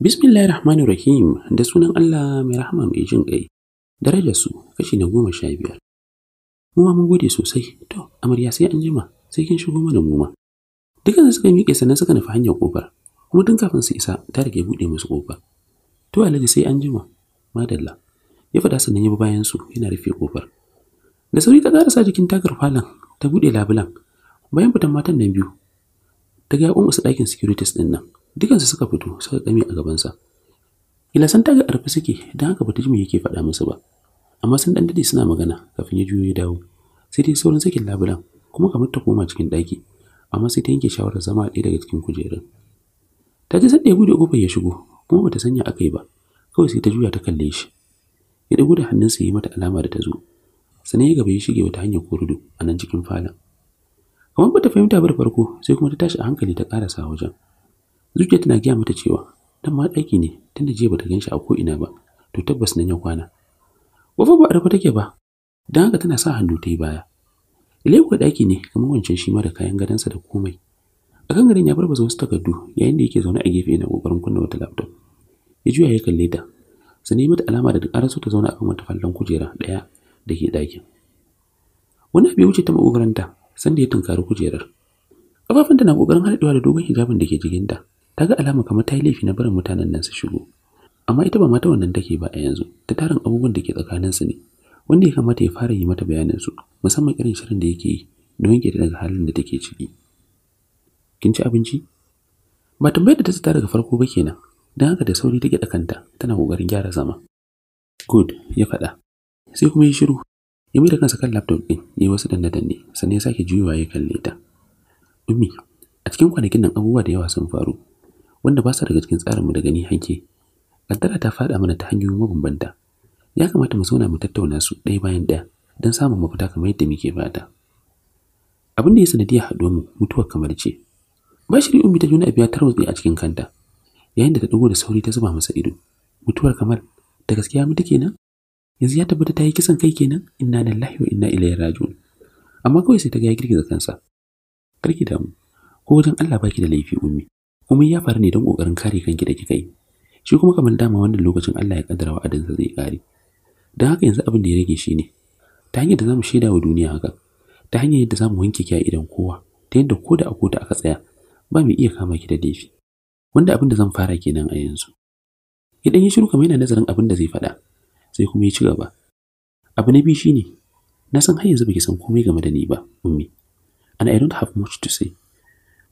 Bismillahir Rahmanir Rahim da sunan Allah mai rahama mai jin ƙai. daraja su kashi na goma sha biyar. Mu ma mun gode sosai. To, amarya sai an jima, sai kin shigo mana mu ma. Dukan suka miƙe sannan suka nufi hanyar ƙofar, Kuma tun kafin su isa, ta rage buɗe musu ƙofar. To, Alhaji sai an jima. Madalla. Ya faɗa sannan ya bi bayan su yana rufe ƙofar. Da sauri ta ƙarasa jikin tagar falon ta buɗe labulan bayan fitan matan nan biyu ta ga yaƙon wasu ɗakin securities ɗin nan dukansu suka fito suka kame a gabansa san ta ga arfi suke don haka bata ji me yake faɗa musu ba amma sun ɗan daɗe suna magana kafin ya juyo dawo sai dai saurin sakin labulan kuma kamar ta koma cikin ɗaki amma sai ta yanke shawarar zama a daga cikin kujerun ta ji sanda ya buɗe ƙofar ya shigo kuma bata sanya aka yi ba kawai sai ta juya ta kalle shi ya ɗago da hannunsa ya yi mata alama da ta zo sannan ya gaba ya shige wata hanyar rudu a nan cikin falon kamar bata fahimta ba da farko sai kuma ta tashi a hankali ta karasa wajen zuciya tana gaya mata cewa dan ma daki ne tunda jiya bata gan shi a ko'ina ba to tabbas nan ya kwana wafa ba a rufe take ba don haka tana sa hannu ta yi baya ilaiwa ɗaki ne kamar wancan shi ma da kayan sa da komai a kan garin ya barbaza wasu takardu yayin da yake zaune a gefe yana kokarin kunna wata laptop ya juya ya kalle ta sannan mata alama da duk so ta zauna kan wata fallon kujera ɗaya da ke ɗakin wani abu ya wuce ta maƙogaranta sanda ya tunkari kujerar ƙafafunta na ƙoƙarin haɗewa da dogon hijabin da ke jikinta ta ga alama kamar ta yi laifi na barin mutanen nan su shigo amma ita ba mata wannan take ba a yanzu ta tarin abubuwan da ke tsakaninsu ne wanda ya kamata ya fara yi mata bayanin su musamman irin shirin da yake yi domin ke daga halin da take ciki kin ci abinci ba tambayar da ta tsita daga farko ba kenan don haka da sauri ta ke ɗakanta, tana ƙoƙarin gyara zama good ya faɗa sai kuma yi shiru ya mai da kansa kan laptop ɗin ya yi wasu danne-danne sannan ya sake juyowa ya kalle ta Ummi, a cikin kwanakin nan abubuwa da yawa sun faru wanda ba sa daga cikin tsarinmu da gani hanke kaddara ta faɗa mana ta hanyoyi mabambanta ya kamata mu zauna mu tattauna su ɗaya bayan ɗaya don samun mafita kamar yadda muke fata abin da ya sanadiyar haɗuwar mu mutuwar kamar ce Ba bashiri ummi ta juna biya tarwatsi a cikin kanta yayin da ta dugo da sauri ta zuba masa ido mutuwar kamar da gaskiya mutu kenan yanzu ya tabbata ta yi kisan kai kenan inna lillahi wa inna ilaihi raji'un amma kawai sai ta ga ya girgiza kansa karki damu ko wajen Allah baki da laifi ummi ummi ya faru ne don kokarin kare kanki da kika yi shi kuma kamar dama wannan lokacin Allah ya kaddara wa'adinsa zai kare don haka yanzu abin da ya rage shi ne ta hanyar da zamu shaida wa duniya haka ta hanyar yadda zamu wanke ki a idan kowa ta yadda ko da a kota aka tsaya ba mai iya kama ki da laifi wanda abin da zan fara kenan a yanzu ya yi shiru kamar yana nazarin abin da zai faɗa sai kuma ya ci gaba abu na biyu shine na san har yanzu baki san komai game da ni ba ummi and i don't have much to say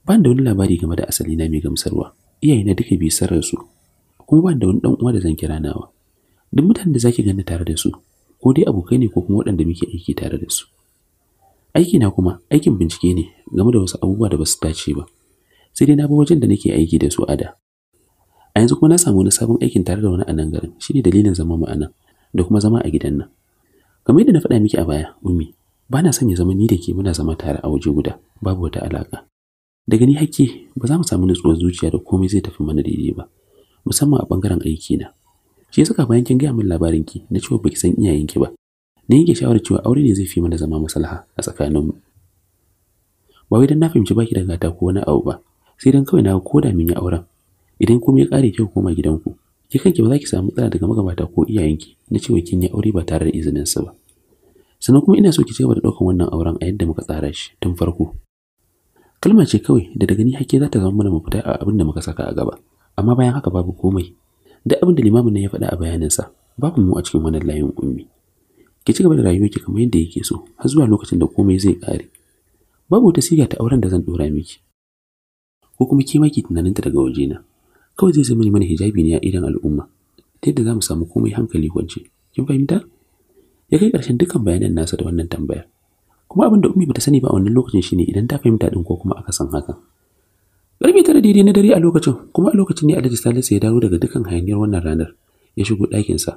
ban da wani labari game da asali na mai gamsarwa iyayena duka bi sarar su kuma ban da wani dan uwa da zan kira nawa duk mutanen da zaki ganni tare da su ko dai abokai ne ko kuma waɗanda muke aiki tare da su aiki na kuma aikin bincike ne game da wasu abubuwa da basu dace ba sai dai na bi wajen da nake aiki da su ada a yanzu kuma na samu wani sabon aikin tare da wani a nan garin ne dalilin zama ma'ana da kuma zama a gidan nan kamar yadda na faɗa miki a baya ummi ba na son zama ni da ke muna zama tare a waje guda babu wata alaƙa daga ni hakki ba za mu samu nutsuwar zuciya da komai zai tafi mana daidai ba musamman a ɓangaren aiki na shi saka bayan kin gaya min labarin ki na cewa baki san iyayenki ba na yanke shawarar cewa aure ne zai fi mana zama maslaha a tsakaninmu ba wai dan na fahimci baki da gata ko wani abu ba sai dan kawai na ko da min ya auren idan kuma ya kare kyau koma gidanku Ki kanki ba za ki samu tsara daga magabata ko iyayenki na cewa kin yi aure ba tare da izinin su ba. Sannan kuma ina so ki cigaba da ɗaukan wannan auren a yadda muka tsara shi tun farko. Kalma ce kawai da daga ni hakki za ta zama mana mafita a abin da muka saka a gaba. Amma bayan haka babu komai. Duk abin da limamin nan ya faɗa a bayaninsa babu mu a cikin wannan layin ummi. ki cigaba gaba da rayuwarki kamar yadda yake so har zuwa lokacin da komai zai ƙare babu wata siga ta auren da zan dora miki ko kuma ke maki tunaninta daga wajena kawai zai zama mana hijabi ne a idan al'umma ta yadda za mu samu komai hankali wance kin fahimta ya kai ƙarshen dukkan bayanan nasa da wannan tambaya kuma abin da ummi bata sani ba a wannan lokacin shine idan ta fahimta din ko kuma aka san haka ƙarfe tara daidai na dare a lokacin kuma a lokacin ne alhaji salisu ya dawo daga dukkan hayaniyar wannan ranar ya shigo ɗakinsa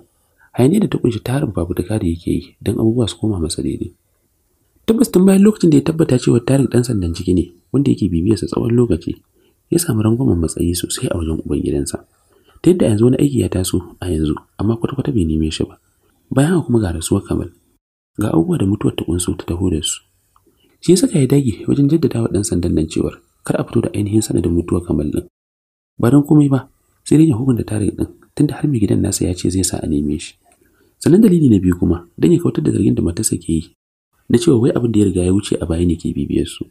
hayaniyar da ta kunshi tarin fafutuka da yake yi don abubuwa su koma masa daidai tabbas tun bayan lokacin da ya tabbata cewa tarik dan sandan ciki ne wanda yake bibiyarsa tsawon lokaci ya samu rangwamen matsayi sosai a wajen uban ubangidansa ta yadda yanzu wani aiki ya taso a yanzu amma kwata-kwata bai neme shi ba bayan haka kuma ga rasuwar kamal ga abubuwa da mutuwar ta kunso ta taho da su shi saka ya dage wajen jaddada wa ɗan sandan nan cewar kar a fito da ainihin sanadin mutuwar kamal ɗin ba don komai ba sai dai ya hukunta tarik ɗin tunda har mai gidan nasa ya ce zai sa a neme shi sannan dalili na biyu kuma don ya kautar da zargin da matarsa ke yi na cewa wai abin da ya riga ya wuce a baya ne ke bibiyar su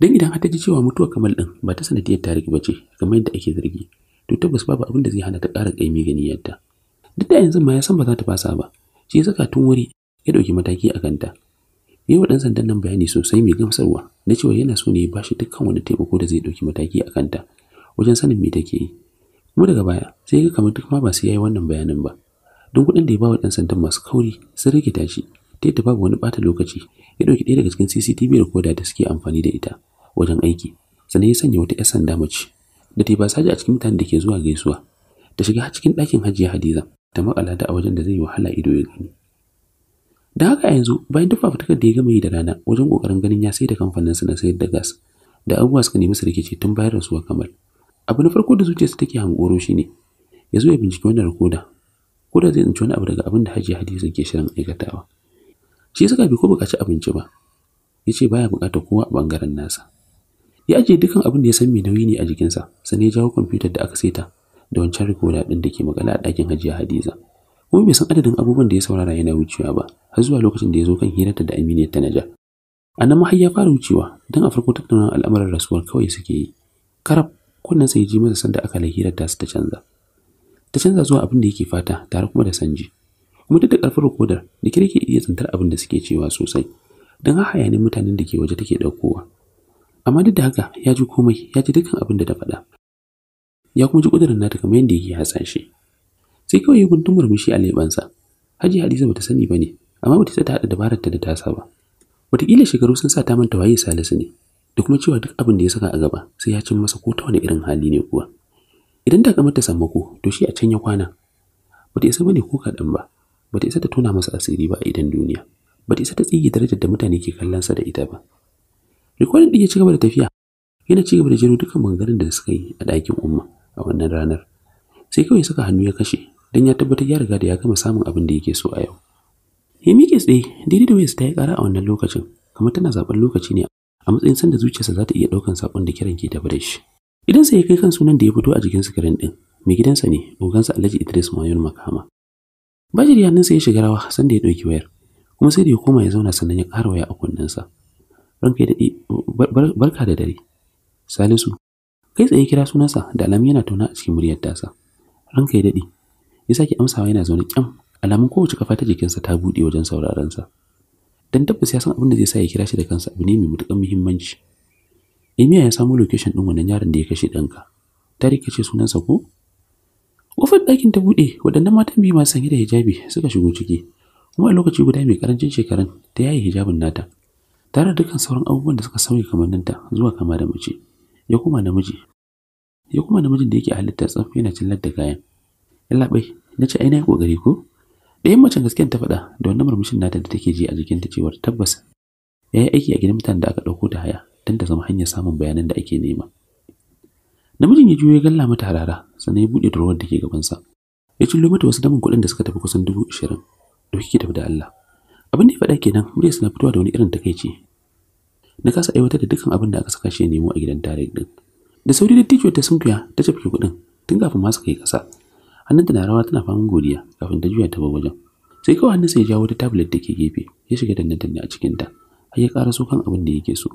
dan idan har ta ji cewa mutuwa kamal din ba ta sanadiyar tarik ba ce kamar yadda ake zargi to tabbas babu abin da zai hana ta ƙara ƙaimi ganiyarta duk da yanzu ma ya san ba za ta fasa ba shi ya saka tun wuri ya ɗauki mataki a kanta ya yi wa ɗan sandan nan bayani sosai mai gamsarwa na cewa yana so ne ya shi dukkan wani taimako da zai ɗauki mataki a kanta wajen sanin me take yi kuma daga baya sai ya ga kamar duk ma ba su yayi yi wannan bayanin ba don kuɗin da ya ba wa ɗan sandan masu kauri sun rikita shi ta yadda babu wani ɓata lokaci ya ɗauki ɗaya daga cikin cctv recorder da suke amfani da ita wajen aiki sannan ya sanya wata 'yar sanda mace da ta yi basaji a cikin mutanen da ke zuwa gaisuwa ta shiga cikin ɗakin hajiya hadiza ta makala ta a wajen da zai yi wahala ido ya gani da haka a yanzu bayan duk fafutukar da ya gama yi da rana wajen kokarin ganin ya sai da kamfaninsa na sayar da gas da abubuwa suka nemi su rikici tun bayar da rasuwar kamar. abu na farko da zuciyarsa take hankoro ne ya zo ya binciki wannan rikoda ko da zai tsinci wani abu daga abin da hajiya hadiza ke shirin aikatawa shi saka bi ko buƙaci abinci ba ya baya buƙatar kowa a bangaren nasa ya ajiye dukan abin da ya san mai nauyi ne a jikinsa sannan ya jawo kwamfutar da aka saita da wancan rikoda ɗin da ke magana a ɗakin hajiya hadiza kuma bai san adadin abubuwan da ya saurara yana wucewa ba har zuwa lokacin da ya zo kan hirarta da aminiya ta naja a nan mahayya fara wucewa don a farko tattaunawa al'amuran rasuwar kawai suke yi karab kunnen sai ji masa sanda aka hirar ta su ta canza ta canza zuwa abin da yake fata tare kuma da sanji kuma duk da ƙarfin rikodar da kirki iya tsantar abin da suke cewa sosai don haka ne mutanen da ke waje take ɗaukowa amma duk da haka ya ji komai ya ji dukkan abin da ta faɗa ya kuma ji ƙudurin nata kamar yadda yake hasashe shi sai kawai ya guntun murmushi a leɓensa haji hadiza bata sani ba ne amma bata sa ta haɗa dabararta da tasa ba wataƙila shekaru sun sa ta manta waye salisu ne da kuma cewa duk abin da ya saka a gaba sai ya cin masa ko ta wani irin hali ne kuwa idan ta kamar ta ku to shi a can ya kwana bata isa bane ko kaɗan ba bata isa ta tona masa asiri ba a idan duniya bata isa ta tsige darajar da mutane ke kallon sa da ita ba Rikodin ɗin ya ci gaba da tafiya, yana ci gaba da jiro dukkan maganganun da suka yi a ɗakin umma a wannan ranar. Sai kawai saka hannu ya kashe, don ya tabbatar ya riga da ya gama samun abin da yake so a yau. Ya miƙe tsaye, daidai da wayarsa ta yi ƙara a wannan lokacin, kamar tana zaɓen lokaci ne a matsayin sanda zuciyarsa za ta iya ɗaukan saƙon da kiran ke tafi da shi. Idan sai ya kai kan sunan da ya fito a jikin sikirin ɗin, mai gidansa ne, ogansa Alhaji Idris Mayon Makama. Bajir sai ya shiga rawa sanda ya ɗauki wayar, kuma sai da ya koma ya zauna sannan ya ƙara waya a kunnensa. ranka da barka da dare salisu kai tsaye kira sunansa da alamu yana tauna a cikin muryar tasa ranka ya daɗe ya sake amsawa yana zaune kyam alamun kowace kafa ta jikinsa ta buɗe wajen sauraronsa dan tabbas ya san abin da zai sa ya kira shi da kansa abu ne mai matuƙar muhimmanci Emiya ya samo location din wannan yaron da ya kashe ɗanka ta ka ce sunansa ko kofar ɗakin ta buɗe waɗannan matan biyu masu sanye da hijabi suka shigo ciki kuma a lokaci guda mai karancin shekaran ta yaye hijabin nata tare dukkan sauran abubuwan da suka sauya kamanninta zuwa kama da mace ya kuma namiji ya kuma namijin da yake halitta tsaf yana cillar da kayan yallaɓai na ce ainihin ƙoƙari ko ɗayan macen gaskiyan ta faɗa da wannan murmushin nata da take ji a jikinta cewar tabbas ya yi aiki a gidan mutan da aka ɗauko ta haya don ta zama hanyar samun bayanan da ake nema namijin ya juyo ya galla mata harara sannan ya buɗe durowar da ke gabansa ya cillo mata wasu damin kuɗin da suka tafi kusan dubu ashirin tafi da Allah abin da ya faɗa kenan muryar suna fitowa da wani irin takaici na kasa aiwatar da dukkan abin da aka saka shi nemo a gidan tarik din da sauri da tijo ta sunkuya ta cafke kuɗin tun kafin masu kai ƙasa hannunta na rawa tana faman godiya kafin ta juya ta bar wajen sai kawai hannunsa ya jawo wata tablet da ke gefe ya shiga danne-danne a cikin ta har ya ƙara so kan abin da ke so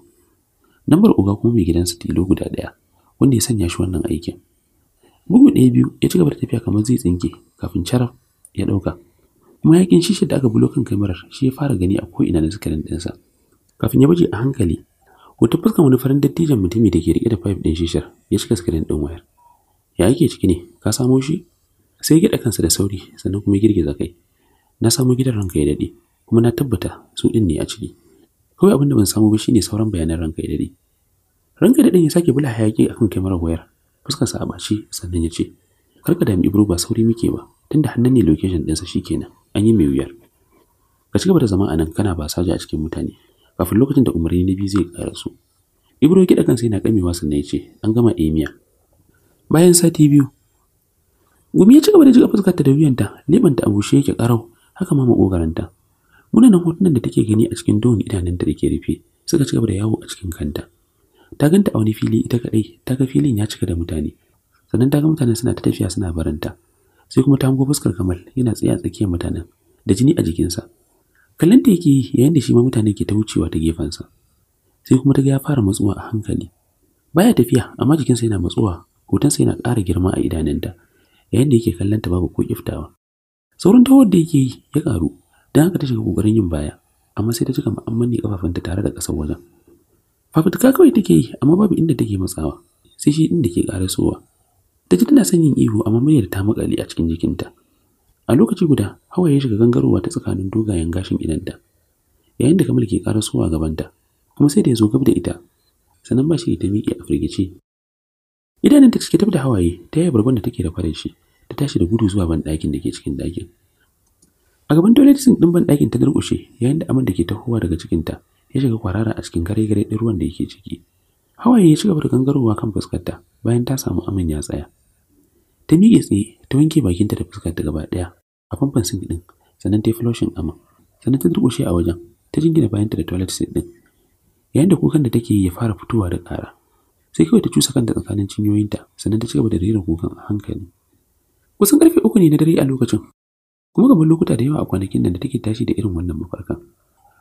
lambar uga kuma mai gidansa tilo guda ɗaya wanda ya sanya shi wannan aikin bugu ɗaya biyu ya ci gaba da tafiya kamar zai tsinke kafin caraf ya ɗauka mayakin shishir da aka bulo kan kamarar shi ya fara gani a ko'ina na zikarin ɗinsa kafin ya baje a hankali hoton fuskan wani farin dattijan mutumi da ke riƙe da fayif ɗin shishar ya cika sikirin ɗin wayar ya yake ciki ne ka samo shi sai ya kansa da sauri sannan kuma girgiza kai na samo gidan ranka ya daɗe kuma na tabbata su ɗin ne a ciki kawai abin da ban samu ba shine sauran bayanan ranka ya daɗe ranka da ya sake bula hayaƙi a kan kamarar wayar fuskarsa a ɓaci sannan ya ce Kar ka dami ibro ba sauri muke ba tunda hannun ne location ɗinsa shikenan an yi mai wuyar ka cigaba da zama a nan kana ba saja a cikin mutane kafin lokacin da umarni na biyu zai ƙara su ibro gida kansa yana kamewa sannan ya ce an gama emiya eh, bayan sati biyu gumi ya ci gaba da jiga fuskarta da wuyanta lebanta a bushe yake karau haka ma makogaranta munanan hotunan da take gani a cikin doon idanun da take rufe suka ci gaba da yawo a cikin kanta ta ganta a wani fili ita kadai ta ga filin ya cika da mutane sannan ta ga mutane suna ta tafiya suna baranta sai kuma ta hango fuskar kamal yana tsaye a tsakiyar mutanen da jini a jikinsa kallon da yake yayin da shi ma mutane ke ta wucewa ta gefensa sai kuma ta ga ya fara matsuwa a hankali baya tafiya amma jikinsa yana matsuwa hotonsa yana ƙara girma a idanunta yayin da yake kallon ta babu ko kiftawa saurin tawar da yake yi ya ƙaru don haka ta shiga ƙoƙarin yin baya amma sai ta cika mu'amman ne tare da ƙasar wajen fafutuka kawai take yi amma babu inda take matsawa sai shi inda ke ƙarasowa ta ji tana son yin ihu amma muryar ta makale a cikin jikinta a lokaci guda hawa ya shiga gangarowa ta tsakanin dogayen gashin idanta yayin da kamal ke suwa gabanta kuma sai da ya zo gab da ita sannan ba shi ta miƙe a firgice idanun ta cike tafi da hawaye ta yi barbanda take da farin shi ta tashi da gudu zuwa ban da ke cikin dakin a gaban toilet sink ɗin ban ta durƙushe yayin da amin da ke tahowa daga cikinta ya shiga kwarara a cikin gare-gare ɗin ruwan da yake ciki hawaye ya ci gaba da gangarowa kan fuskarta bayan ta samu amin ya tsaya ta miƙe tsaye ta wanke bakinta da fuskarta gaba ɗaya a famfan sink ɗin sannan ta yi flushing aman sannan ta durƙushe a wajen ta jingina bayanta da toilet seat ɗin yayin da kukan da take yi ya fara fitowa da ƙara sai kawai ta cusa kanta tsakanin cinyoyinta sannan ta ci gaba da rera kukan a hankali kusan ƙarfe uku ne na dare a lokacin kuma gaban lokuta da yawa a kwanakin nan da take tashi da irin wannan mafarkan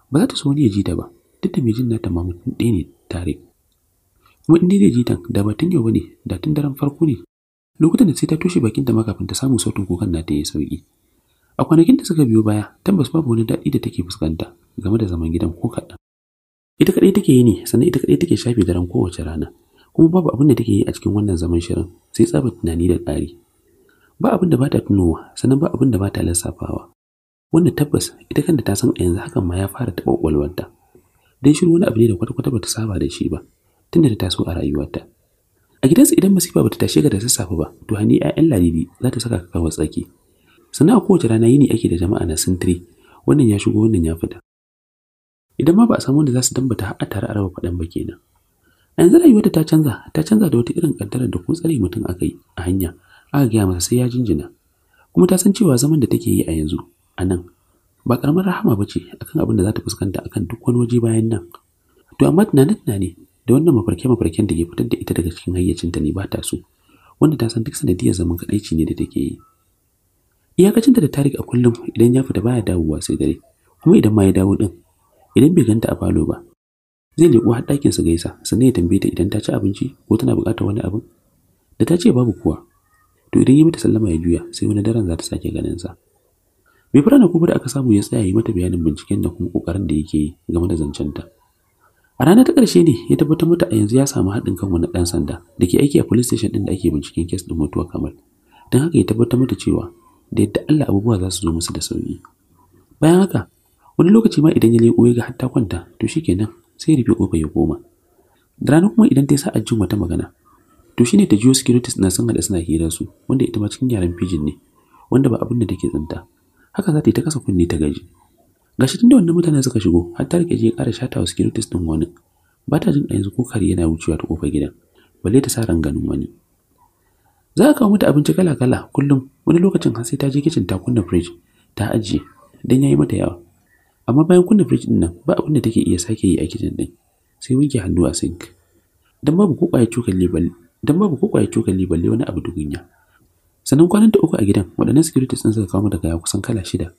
ba za ta so wani ya ji ta ba duk da mai jin nata mamutin ɗaya ne tare kuma in jitan da ba tun yau ba ne da tun daren farko ne lokutan da sai ta toshe bakinta ma kafin ta samu sautin kukan ta yi sauki a kwanakin da suka biyo baya tabbas babu wani daɗi da take fuskanta game da zaman gidan ko kaɗan ita kaɗai take yi ne sannan ita kaɗai take shafe daren kowace rana kuma babu abin da take yi a cikin wannan zaman shirin sai tsaba tunani da ƙari ba abin da ba ta tunowa sannan ba abin da ba ta lissafawa wanda tabbas ita kanta ta san a yanzu hakan ma ya fara taɓa ƙwaƙwalwarta don shiru wani abu ne da kwata-kwata ba ta saba da shi ba tunda ta taso a rayuwarta a gidansu idan masifa bata tashe ga da sassafe ba to hani 'ya'yan lalibi za ta saka ka tsaki sannan a kowace rana yini ake da jama'a na sintiri wannan ya shigo wannan ya fita idan ma ba a samu wanda za su dambata har a tare a raba faɗan ba kenan a yanzu rayuwarta ta canza ta canza da wata irin kaddarar da ko tsare mutum aka a hanya aka gaya masa sai ya jinjina kuma ta san cewa zaman da take yi a yanzu a nan ba karamar rahama ba ce akan abin da za ta fuskanta akan duk wani waje bayan nan to amma tunanin tunani da wannan mafarke mafarken da ke fitar da ita daga cikin hayyacinta ne ba ta so wanda ta san duk sanadiyar zaman kadaici ne da take yi iyakacinta da tarik a kullum idan ya fita baya dawowa sai dare kuma idan ma ya dawo din idan bai ganta a falo ba zai leƙo har ɗakin su gaisa sannan ya tambaye ta idan ta ci abinci ko tana buƙatar wani abin da ta ce babu kuwa to idan ya mata sallama ya juya sai wani daren za ta sake ganin sa bai fara na kuma da aka samu ya tsaya yi mata bayanin binciken da kuma ƙoƙarin da yake yi game da zancenta a ranar ta ƙarshe ne ya tabbatar mata a yanzu ya samu haɗin kan na ɗan sanda da ke aiki a police station ɗin da ake binciken kes ɗin mutuwar kamal don haka ya tabbatar mata cewa da yadda Allah abubuwa za su zo musu da sauƙi bayan haka wani lokaci ma idan ya leƙo ya ga har ta kwanta to shi kenan sai ya rufe ƙofa ya koma da rana kuma idan ta yi sa'a jin wata magana to shi ne ta jiyo securities na sun haɗa suna hira su wanda ita ma cikin yaren fijin ne wanda ba abin da take tsinta haka za ta yi ta kasa kunne ta gaji gashi tun da wannan mutanen suka shigo har ta rike je ƙara shata wa securities din wani ba ta jin yanzu ko kare yana wucewa ta kofar gidan balle ta sa ganin wani za ka kawo mata abinci kala kala kullum wani lokacin har sai ta je kicin ta kunna fridge ta ajiye dan yayi mata yawa amma bayan kunna fridge din nan ba abin da take iya sake yi a kicin din sai wanke hannu a sink dan babu ko kwaye cokali balle dan babu ko kwaye balle wani abu dukunya. sannan kwanan ta uku a gidan waɗannan securities din suka kawo mata kaya kusan kala shida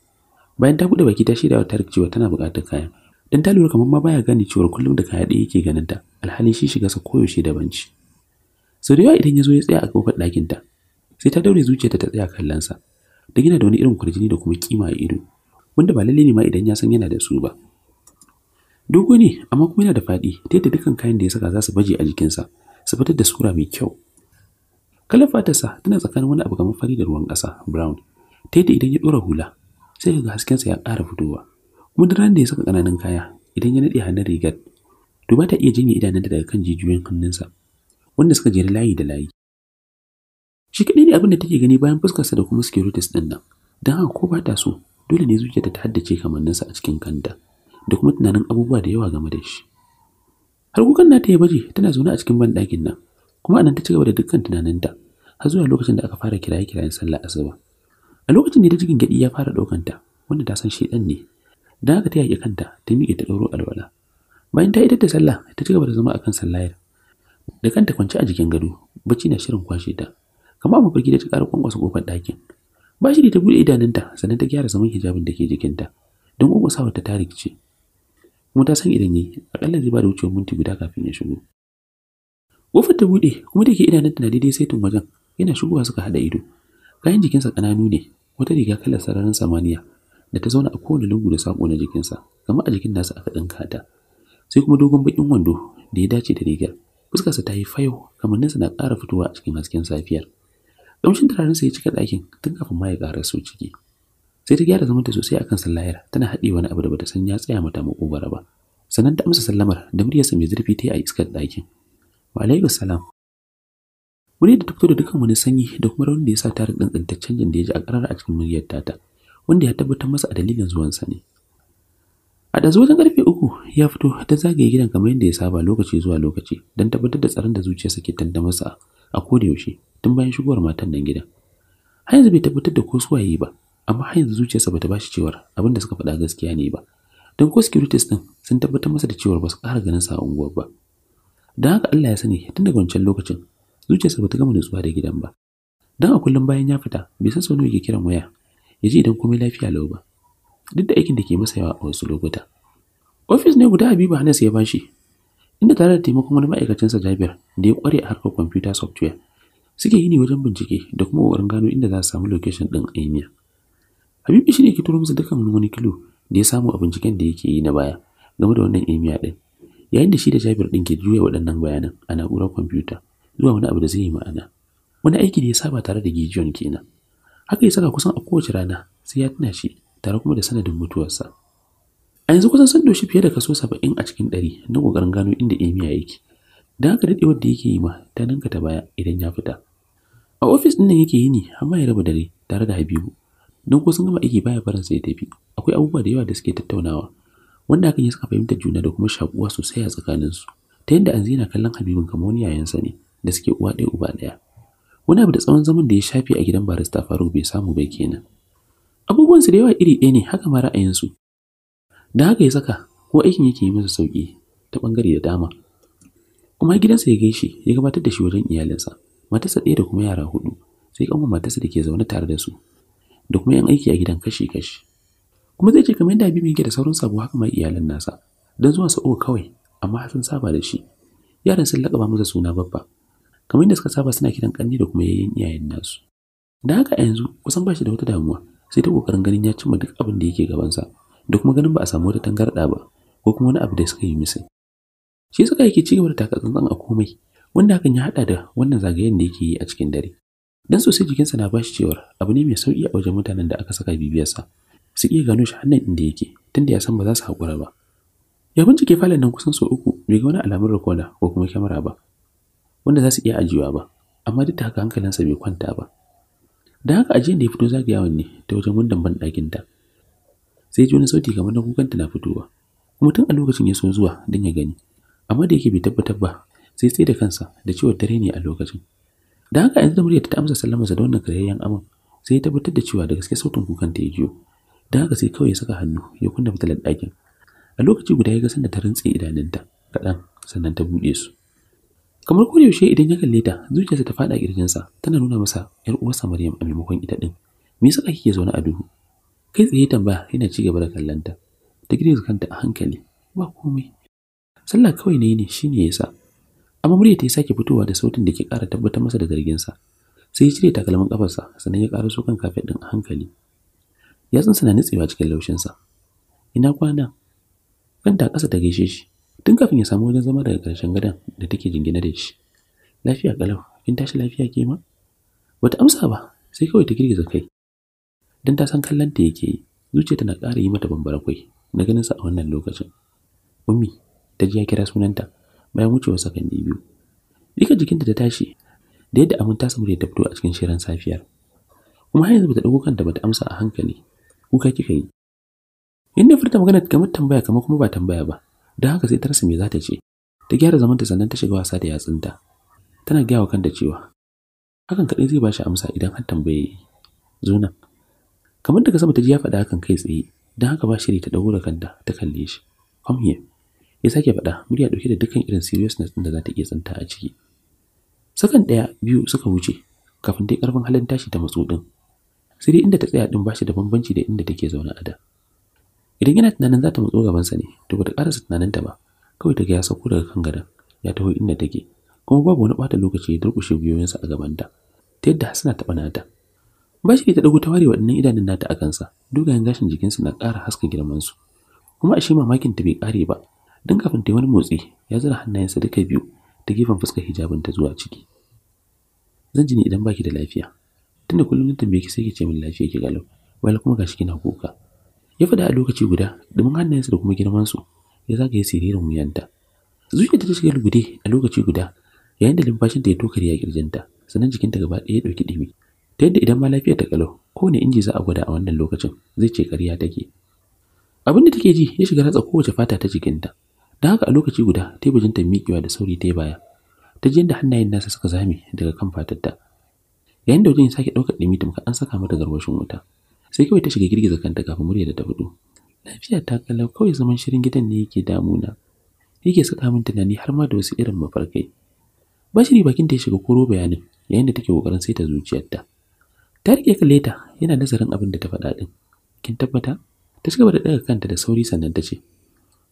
bayan ta buɗe baki ta shirya wa tarik cewa tana buƙatar kayan dan ta lura kamar ma baya gane cewa kullum da kaya ɗaya yake ganin ta alhali shi shiga sa koyaushe da banci sau da yawa idan ya zo ya tsaya a kofar ɗakin ta sai ta daure zuciyarta ta tsaya kallon sa da gina da wani irin kurjini da kuma kima a ido wanda ba lalle ne ma idan ya san yana da su ba dogo ne amma kuma yana da faɗi ta yadda dukkan kayan da ya saka za su baje a jikinsa su fitar da sura mai kyau kalar sa tana tsakanin wani abu kamar fari da ruwan ƙasa brown ta yadda idan ya ɗora hula sai ga haskensa ya ƙara fitowa kuma duk da ya saka ƙananan kaya idan ya nade hannun rigar to ba ta iya janye da daga kan jijiyoyin hannunsa wanda suka jeri layi da layi shi kaɗai ne abin da take gani bayan fuskarsa da kuma securities ɗin nan don haka ko ba ta so dole ne zuciyarta ta haddace kamanninsa a cikin kanta da kuma tunanin abubuwa da yawa game da shi har kukan nata ya baje tana zaune a cikin banɗakin nan kuma anan ta cigaba da dukkan tunaninta har zuwa lokacin da aka fara kiraye-kirayen sallah asuba a lokacin da da jikin gadi ya fara ɗaukanta wanda ta san shedan ne da aka ta yaƙi kanta ta miƙe ta dauro alwala bayan ta idar da sallah ta ci gaba da zama akan sallayar da kanta kwance a jikin gado bacci na shirin kwashe ta kamar mu farki da ta ƙara kwankwasa kofar ɗakin ba shi da ta buɗe idanunta sannan ta gyara zaman hijabin da ke jikinta don kwankwasawa ta tarik ce kuma ta san idan a akalla zai ba da wucewar minti guda kafin ya shigo kofar ta buɗe kuma da ke idanunta na daidai saitin wajen yana shigowa suka haɗa ido kayan jikinsa ƙananu ne wata riga kalar sararin samaniya da ta zauna a kowane lungu da saƙo na jikinsa kama a jikin nasa aka ɗinka ta sai kuma dogon baƙin wando da ya dace da rigar fuskarsa ta yi fayo nasa na ƙara fitowa a cikin hasken safiyar ƙamshin turarensa ya cika ɗakin tun kafin ma ya ƙara so ciki sai ta gyara zamanta sosai akan sallayar tana haɗe wani abu da bata san ya tsaya mata makogwara ba sannan ta amsa sallamar da muryarsa mai zurfi ta yi a iskar ɗakin wa alaikum salam wuri da ta fito da dukkan wani sanyi da kuma rauni da ya sa tarin tsantsantaccen canjin da ya ji a karara a cikin muryar tata wanda ya tabbatar masa a dalilin zuwansa ne a da wajen karfe uku ya fito ta zagaye gidan kamar yadda ya saba lokaci zuwa lokaci don tabbatar da tsaron da zuciyarsa ke tanda masa a koda yaushe tun bayan shigowar matan nan gidan har yanzu bai tabbatar da ko suwaye ba amma har yanzu zuciyarsa bata bashi cewar abin da suka faɗa gaskiya ne ba don ko securities din sun tabbatar masa da cewar ba su ƙara ganin sa a unguwar ba don haka Allah ya sani tun daga wancan lokacin zuciyarsa bata gama nutsuwa da gidan ba dan a kullum bayan ya fita bai san sau yake kiran waya ya ji idan komai lafiya lau ba duk da aikin da ke masa yawa a wasu lokuta ofis ne guda Habiba Hannas ya bashi inda tare da taimakon wani ma'aikacinsa Jabir da ya kware a harkar kwamfuta software suke yini wajen bincike da kuma kokarin gano inda za su samu location din Aimiya Habibu shine ke turo musu dukkan wani kilo da ya samu a binciken da yake yi na baya game da wannan Aimiya ɗin, yayin da shi da Jabir ɗin ke juya waɗannan bayanan a na'urar kwamfuta. zuwa wani abu da zai yi ma'ana wani aiki da ya saba tare da gijiyon kenan haka ya saka kusan a kowace rana sai ya tuna shi tare kuma da sanadin mutuwarsa a yanzu kusan sun doshi fiye da kaso saba'in a cikin ɗari na ƙoƙarin gano inda emiya yake don haka daɗewar da yake yi ma ta ninka ta baya idan ya fita a ofis ɗin nan yake yi ni amma ya raba dare tare da habibu don ko sun gama aiki baya barin sa ya tafi akwai abubuwa da yawa da suke tattaunawa wanda hakan ya saka fahimtar juna da kuma shakuwa sosai a tsakaninsu ta yadda an yana kallon habibin kamar wani yayansa ne da suke uwa ɗaya uba ɗaya wani abu da tsawon zaman da ya shafe a gidan barista faru bai samu bai kenan abubuwansu da yawa iri ɗaya ne haka ma ra'ayinsu da haka ya saka ko aikin yake yi masa sauƙi ta ɓangare da dama kuma gidansa ya gaishe ya gabatar da shi wajen iyalinsa matarsa ɗaya da kuma yara hudu sai kanwa matarsa da ke zaune tare da su da kuma yan aiki a gidan kashi-kashi kuma zai ce kamar yadda habibu yake da sauran sabo haka ma iyalan nasa don zuwa sa'o kawai amma sun saba da shi yaran sun laƙaba masa suna babba kamar yadda suka saba suna kiran kanni da kuma yayin iyayen nasu da haka yanzu kusan bashi da wata damuwa sai ta kokarin ganin ya cimma duk abin da yake gabansa da kuma ganin ba a samu wata tangarda ba ko kuma wani abu da suka yi misi shi suka yake ci gaba da taka a komai wanda hakan ya haɗa da wannan zagayen da yake yi a cikin dare dan sosai jikinsa na bashi cewar abu ne mai sauki a wajen mutanen da aka saka sa su iya gano shi hannun inda yake tunda ya san ba za su haƙura ba ya bincike falon nan kusan sau uku bai ga wani alamun rikoda ko kuma kyamara ba wanda za su iya ajiyewa ba amma duk da haka hankalinsa bai kwanta ba da haka ajiyar da ya fito zagayawan ne ta wajen wanda ban ta sai ji sauti kamar na kukanta na fitowa kuma tun a lokacin ya so zuwa don ya gani amma da yake bai tabbatar ba sai sai da kansa da cewa dare ne a lokacin da haka yanzu da murya ta amsa sallama sa da wannan karyayyen aman sai ya tabbatar da cewa da gaske sautin kukanta ya jiyo da haka sai kawai ya saka hannu ya kunna fitilar ɗakin a lokaci guda ya ga sanda ta rintse idanunta kaɗan sannan ta buɗe su kamar ko yaushe idan ya kalle ta zuciyarsa ta faɗa kirjinsa tana nuna masa yar uwarsa Maryam a maimakon ita din me yasa kake zaune a duhu kai tsaye tambaya yana ci gaba da kallanta ta girgiza kanta a hankali ba komai sallah kawai ne ne shine yasa amma murya ta yi sake fitowa da sautin da ke ƙara tabbatar masa da zarginsa sai ya cire takalmin kafarsa sannan ya ƙara so kan kafet din a hankali yatsunsa na nutsewa cikin laushinsa ina kwana kanta ƙasa ta gaishe shi tun kafin ya samu wajen zama daga ƙarshen gadon da take jingina da shi lafiya kalau in tashi lafiya ke ma bata amsa ba sai kawai ta girgiza kai dan ta san kallon ta yake yi zuciya tana ƙara yi mata bambara kwai na ganin sa a wannan lokacin ummi ta ji ya kira sunanta bayan wucewar sakanni biyu duka jikinta ta tashi da yadda amin ta samu da ta fito a cikin shirin safiyar kuma har yanzu bata ɗauko kanta bata amsa a hankali kuka kika yi in na furta magana kamar tambaya kamar kuma ba tambaya ba don haka sai ta rasa me za ta ce ta gyara zamanta sannan ta shiga wasa da yatsunta tana gaya wa kanta cewa hakan kadai zai bashi amsa idan har tambaye zuna kamar daga sama ta ji ya faɗa hakan kai tsaye don haka ba shiri ta dago da kanta ta kalle shi come here ya sake faɗa murya ɗauke da dukkan irin seriousness ɗin da za ta iya tsinta a ciki sakan ɗaya biyu suka wuce kafin dai ƙarfin halin tashi ta matsu ɗin sai dai inda ta tsaya ɗin ba shi da bambanci da inda take zaune a da idan yana tunanin za ta matso gabansa ne to bata karasa ta ba kawai ta ga ya sauko daga kan gadon ya taho inda take kuma babu wani bata lokaci ya durkushe gwiwoyinsa a gabanta ta yadda suna taɓa nata Ba bashi ta dago ta ware waɗannan idanun nata a kansa dogayen gashin jikinsu na ƙara haska su, kuma ashe mamakin ta bai kare ba don kafin ta yi wani motsi ya zura hannayensa duka biyu ta gefen fuskar ta zuwa ciki zan ji ni idan baki da lafiya tunda kullum na tambaye ki sai ki ce min lafiya ki galau wai kuma gashi kina kuka ya faɗa a lokaci guda domin hannayensa da kuma girmansu ya zagaye siririn wuyanta Zuciya ta shiga lugude a lokaci guda yayin da ta ya tokare a kirjinta sannan jikinta gaba ɗaya ya ɗauki ɗimi ta yadda idan ma lafiya ta kalau kowane inji za a gwada a wannan lokacin zai ce kariya take abin da take ji ya shiga ratsa kowace fata ta jikinta don haka a lokaci guda ta ta miƙewa da sauri ta baya ta ji yadda hannayen nasa suka zame daga kan fatarta yayin da wajen ya sake ɗaukar ɗimi tamkar an saka mata garwashin wuta sai kawai ta shiga girgiza kanta kafin murya da ta fito lafiya ta kalau kawai zaman shirin gidan ne yake damuna yake saka min tunani har ma da wasu irin mafarkai bashiri bakin ta ya shiga koro bayanin yayin da take kokarin saita zuciyarta ta rike kaleta yana nazarin abin da ta faɗa din kin tabbata ta cigaba da daga kanta da sauri sannan ta ce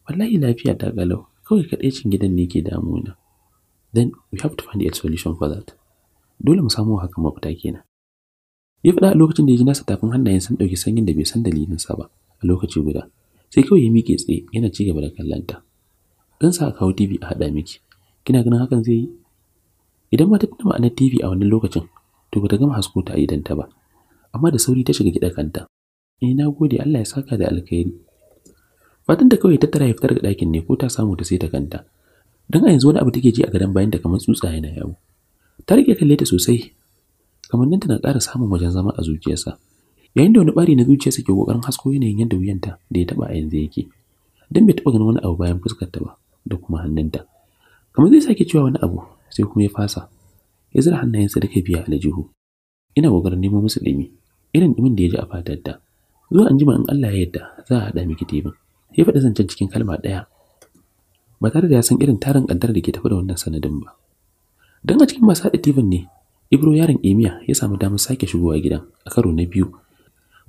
wallahi lafiya ta kalau, kawai kaɗai cin gidan ne yake damuna then we have to find a solution for that dole mu samu haka mafita kenan ya faɗa a lokacin da ya ji nasa tafin hannayen sun ɗauki sanyin da bai san dalilinsa ba a lokaci guda sai kawai ya miƙe tsaye yana ci gaba da kallonta zan sa kawo tv a haɗa miki kina ganin hakan zai yi idan ma ta fi ma'anar tv a wannan lokacin to ta gama hasko ta a ta ba amma da sauri ta shiga gida kanta eh na gode Allah ya saka da alkhairi fatan da kawai ta tara ya fitar da ɗakin ne ko ta samu ta sai ta kanta don a yanzu wani abu take ji a gadon bayan da kamar tsutsa yana yawo ta rike kalle ta sosai kamanninta na ƙara samun wajen zama a zuciyarsa yayin da wani ɓari na zuciyarsa ke ƙoƙarin hasko yanayin yadda wuyanta da ya taɓa a yanzu yake don bai taɓa ganin wani abu bayan fuskarta ba da kuma hannunta kamar zai sake cewa wani abu sai kuma ya fasa ya zira hannayensa da biya aljihu ina kokarin neman musu ɗumi irin ɗumin da ya ji a fatarta zuwa an jima in Allah ya yarda za a haɗa miki tebin ya faɗi zancen cikin kalma ɗaya ba tare da ya san irin tarin ƙaddar da ke tafi da wannan sanadin ba don a cikin masu haɗa ne Ibro yaron Emiya ya samu damar sake shigowa gidan a karo na biyu.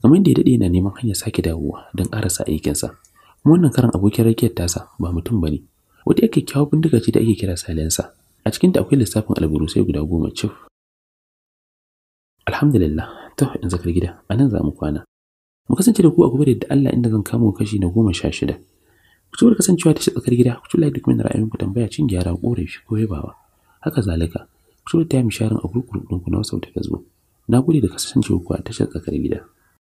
Kamar da ya dade yana neman hanyar sake dawowa don aikin sa Kuma wannan karan abokin rakiyar tasa ba mutum ba ne. Wata yake kyawun bindiga ce da ake kira salensa. A cikinta akwai lissafin sai guda goma cif. Alhamdulillah, to in zakar gida, a nan za mu kwana. Mu kasance da ku a gobe da Allah inda zan kamo kashi na goma sha shida. Kutuwar kasancewa ta shi tsakar gida, ku tura duk mana ra'ayin ku tambaya cin gyara ƙorafi ko yabawa. Haka zalika, ku so da time sharing a group group ɗinku na WhatsApp da Facebook. Na gode da kasancewa ku a tashar tsakar gida.